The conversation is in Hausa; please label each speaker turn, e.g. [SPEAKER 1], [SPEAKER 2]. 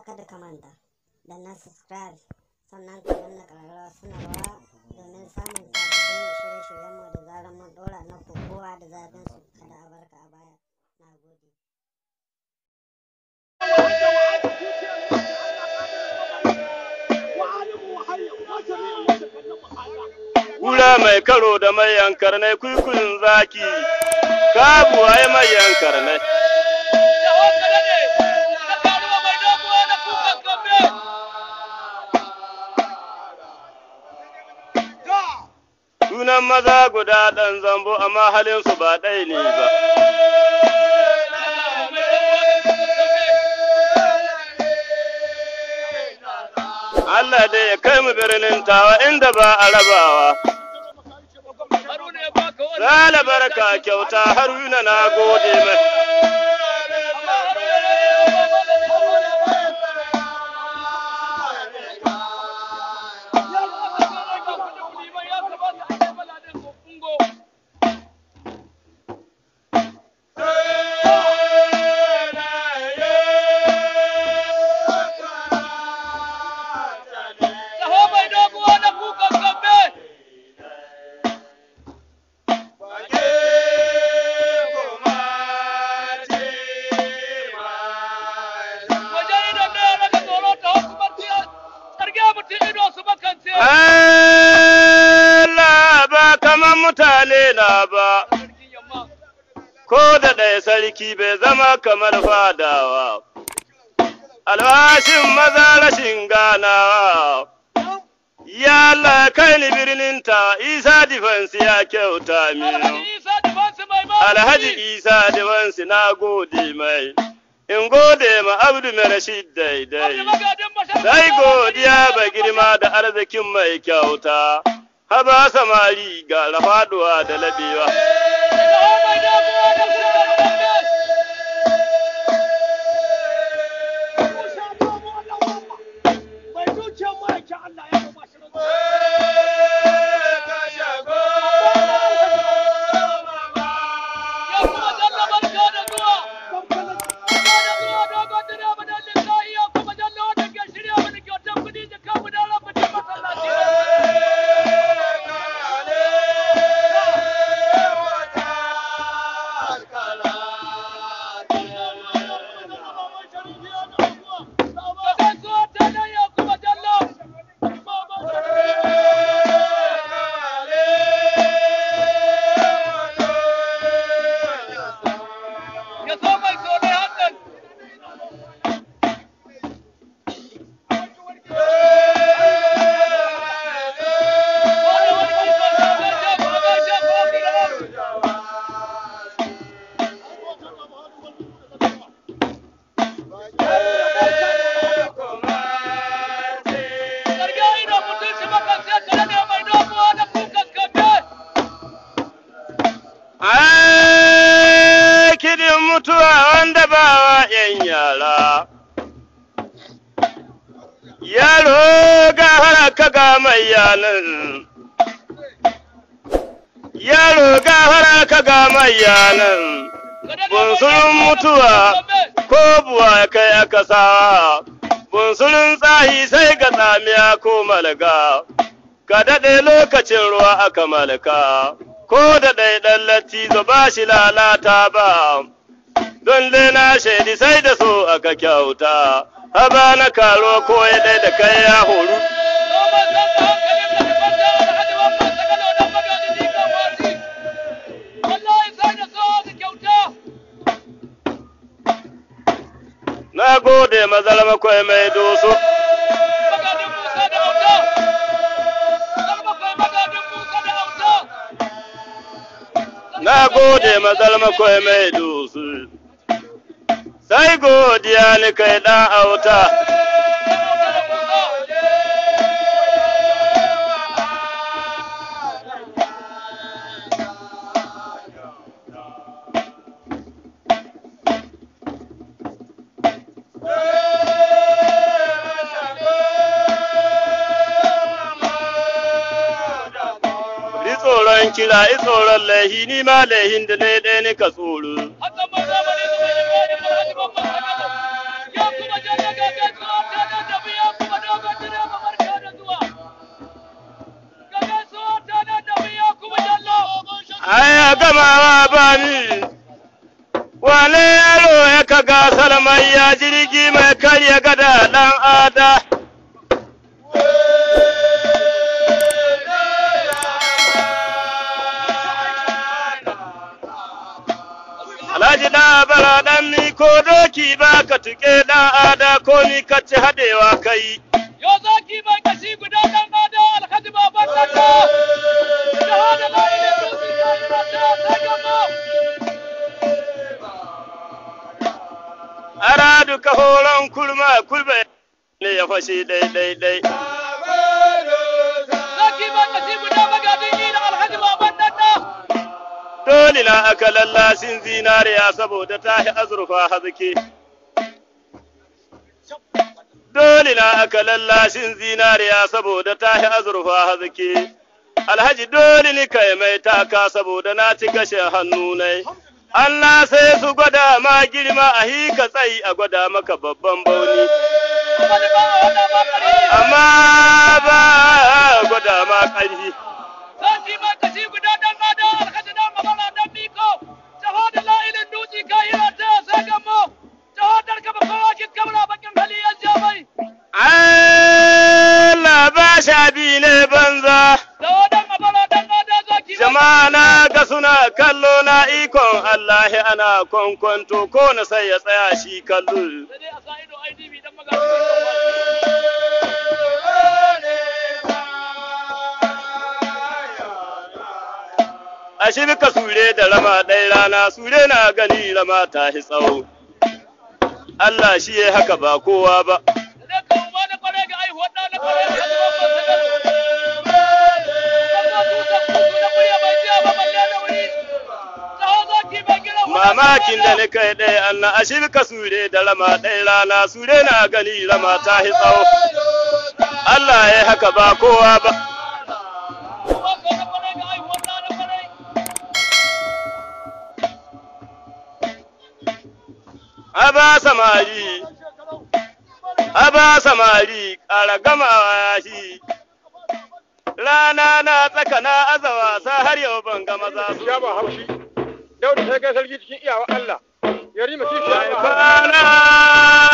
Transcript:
[SPEAKER 1] ka kada ka manta da na subscribe sannan ka danna suna sanarwa domin samun sababbin shirye-shiryenmu da zarar mun dora na kowa da zafin su kada a a baya na gode Kura mai karo da mai yankar ne zaki, kabuwa ya mai yankar ne. maza guda ɗan zambo amma su ba ɗai ne ba. Allah dai ya kai mu birnin tawa inda ba a rabawa. Zala baraka kyauta har yuna na gode mai. mutane na ba, ko da ɗaya sarki bai zama kamar fadawa. Albashin maza rashin ganawa, ya kai ni birnin ta Isa Difansi ya kyauta min. Alhaji Isa Difansi na gode mai, in gode ma Abdu mai Rashid daidai, sai godiya ba girma da arzikin mai kyauta. haba samari ga rafaduwa da labewa. mutuwa wanda ba wa ‘yan yara. Yaro ga haraka ga mai yanin, yaro ga haraka ga mai yanin, bunsurin mutuwa ko buwa kai aka sawa, bunsurin tsahi sai ga tsamiya ko malga, ka daɗe lokacin ruwa aka malka. ko da ɗaiɗan latti ba shi lalata ba. don dai na shaidi sai da so aka kyauta haba na karo ko ya dai da kai ya horu na gode mazalama ya mai doso na gode mazalama kwai mai dusu. sai godiya ni kai ɗan auta. tsoron kira, tsoron laihi, ni ma laihin da ne ɗaya ni ka tsoro. ya gamawa bani wane yaro ya gasar salman ya jirgi mai karya gada dan ada Alhaji na bara dan ni ko doki ba ka tuke dan ada ko ni ka ci hadewa kai.
[SPEAKER 2] Yo zaki ba
[SPEAKER 1] ma kulba ne ya fashi dai dai dai zaki dole na aka lallashin zinariya saboda ta yi azurfa haziki dole na aka lallashin zinariya saboda ta yi azurfa haziki alhaji dole ni kai mai taka saboda na ci gashin hannu nai Allah sai su gwada ma girma a hika tsayi a gwada maka babban bauni. Amma ba gwada ma ƙarfi. na ga suna kallo na ikon Allah ana kwankwanto ko na sai ya tsaya shi kallo. A shi ka sure da rama ɗai rana, sure na gani rama ta hi tsawo. Allah shi ya haka ba kowa ba. mamakin da ni kai ɗai anna a shirka sure da rama ɗaya, rana sure na gani rama ta hi tsawo Allah ya haka ba kowa ba Aba samari, aba samari, ƙara gamawa shi. Rana na tsakana azawa sa har yau ban gama za su. Daudu sai kai sarki cikin iyawa Allah. Yarima shi shi ya